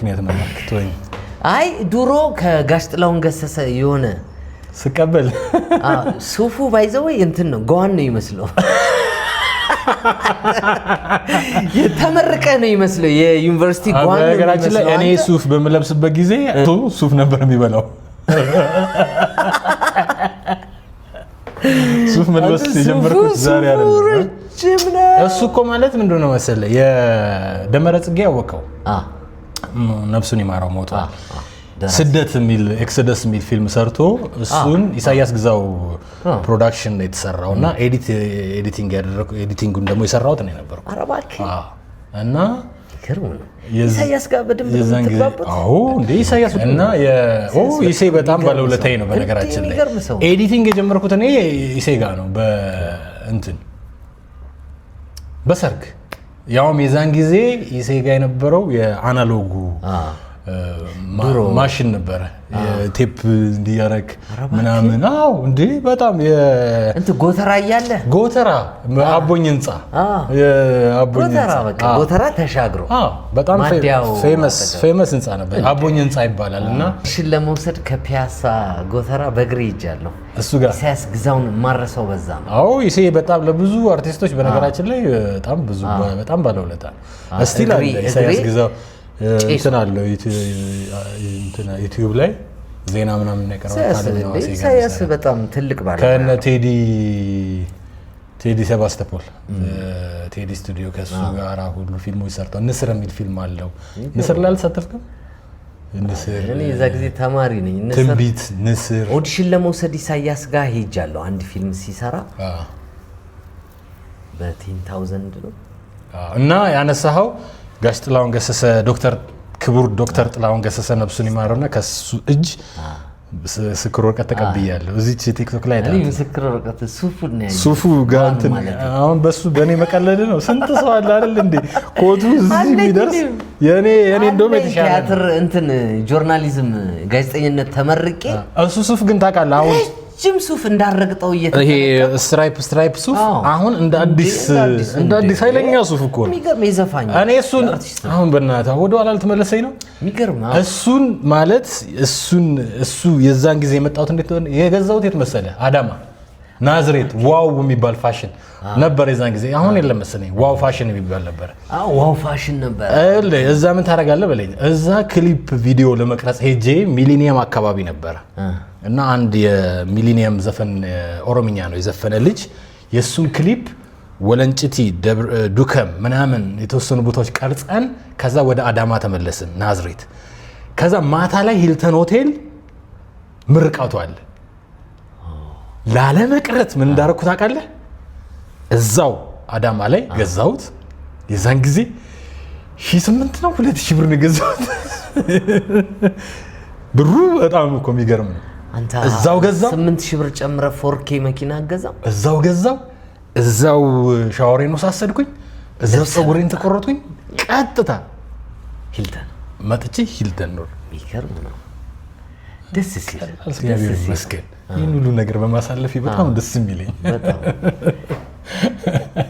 ምክንያት ነው ትወኝ አይ ድሮ ከጋሽ ጥላሁን ገሰሰ የሆነ ስቀበል ሱፉ ባይዘው እንትን ነው ጓን ነው ይመስለው የተመረቀ ነው ይመስለው የዩኒቨርሲቲ ጓን። ነገራችን ላይ እኔ ሱፍ በምለብስበት ጊዜ ሱፍ ነበር የሚበላው። ሱፍ መልበስ የጀመርኩት ዛሬ አይደለም። እሱ እኮ ማለት ምንድን ነው መሰለህ የደመረ ጽጌ ያወቀው ነፍሱን ይማራው ሞቶ ስደት የሚል ኤክሰደስ የሚል ፊልም ሰርቶ እሱን ኢሳያስ ግዛው ፕሮዳክሽን ነው የተሰራው እና ኤዲቲንግ ያደረኩ ኤዲቲንጉን ደግሞ የሰራሁት ነው የነበርኩ እና ኢሳያስ በጣም ባለውለታዬ ነው። በነገራችን ላይ ኤዲቲንግ የጀመርኩት እኔ ኢሴ ጋር ነው በእንትን በሰርግ ያውም የዛን ጊዜ ኢሴጋ የነበረው የአናሎጉ ማሽን ነበረ ቴፕ እንዲያረግ ምናምን። አዎ እንዴ በጣም እንት ጎተራ እያለ ጎተራ አቦኝ ህንፃ ጎተራ ተሻግሮ በጣም ፌመስ ህንፃ ነበር። አቦኝ ህንፃ ይባላል። እና ሽን ለመውሰድ ከፒያሳ ጎተራ በእግሬ ሂጃለሁ። እሱ ጋር ኢሳያስ ግዛውን ማረሰው በዛ ነው። አዎ ኢሴ በጣም ለብዙ አርቲስቶች በነገራችን ላይ በጣም ብዙ በጣም ባለውለታ እስቲ አለ ኢሳያስ ግዛው እንትን አለው ዩቲዩብ ላይ ዜና ምናምን ያቀርባል። በጣም ትልቅ ባለ ከነ ቴዲ ቴዲ ሴባስተፖል ቴዲ ስቱዲዮ ከሱ ጋር ሁሉ ፊልሞች ሰርተው ንስር የሚል ፊልም አለው። ንስር ላይ አልተሳተፍክም? እኔ የዛ ጊዜ ተማሪ ነኝ። ትንቢት ንስር ኦዲሽን ለመውሰድ ኢሳያስ ጋር ሄጃለሁ። አንድ ፊልም ሲሰራ በቴን ታውዘንድ ነው እና ያነሳኸው ጋሽ ጥላሁን ገሰሰ ዶክተር ክቡር ዶክተር ጥላሁን ገሰሰ ነብሱን ይማረውና ከሱ እጅ ምስክር ወረቀት ተቀብያለሁ። እዚች ቲክቶክ ላይ ሱፉ ጋንትን አሁን በሱ በእኔ መቀለድ ነው። ስንት ሰው አለ አይደል እንዴ ኮቱ እዚህ የሚደርስ የኔ የኔ እንደውም የተሻለ ቲያትር እንትን ጆርናሊዝም ጋዜጠኝነት ተመርቄ እሱ ሱፍ ግን ታውቃለህ አሁን ረጅም ሱፍ እንዳረግጠው ይሄ ስትራይፕ ስትራይፕ ሱፍ አሁን እንደ አዲስ እንደ አዲስ ኃይለኛ ሱፍ እኮ ነው። የሚገርም የዘፋኝ እኔ እሱን አሁን በእናትህ ወደ ኋላ ልትመለሰኝ ነው። የሚገርም እሱን ማለት እሱን እሱ የዛን ጊዜ የመጣሁት እንዴት የገዛሁት የት መሰለህ አዳማ ናዝሬት ዋው የሚባል ፋሽን ነበር የዛን ጊዜ። አሁን የለም መሰለኝ። ዋው ፋሽን የሚባል ነበር። ዋው ፋሽን ነበር። እዛ ምን ታደርጋለህ በለኝ። እዛ ክሊፕ ቪዲዮ ለመቅረጽ ሄጄ ሚሊኒየም አካባቢ ነበረ እና አንድ የሚሊኒየም ዘፈን ኦሮምኛ ነው የዘፈነ ልጅ የእሱን ክሊፕ ወለንጭቲ ዱከም ምናምን የተወሰኑ ቦታዎች ቀርጸን ከዛ ወደ አዳማ ተመለስን ናዝሬት። ከዛ ማታ ላይ ሂልተን ሆቴል ምርቃቱ አለ ላለመቅረት ምን እንዳረኩ ታውቃለህ? እዛው አዳማ ላይ ገዛሁት። የዛን ጊዜ ሺህ ስምንት ነው ሁለት ሺህ ብር ነው የገዛሁት። ብሩ በጣም እኮ የሚገርም ነው። እዛው ገዛው ስምንት ሺህ ብር ጨምረህ ፎርኬ መኪና ገዛው። እዛው ገዛው። እዛው ሻወሬን ወሳሰድኩኝ። እዛው ፀጉሬን ተቆረጥኩኝ። ቀጥታ ሂልተን መጥቼ ሂልተን ነው። የሚገርም ነው። ደስ ሲል እግዚአብሔር ይመስገን ይህን ሁሉ ነገር በማሳለፍ በጣም ደስ የሚለኝ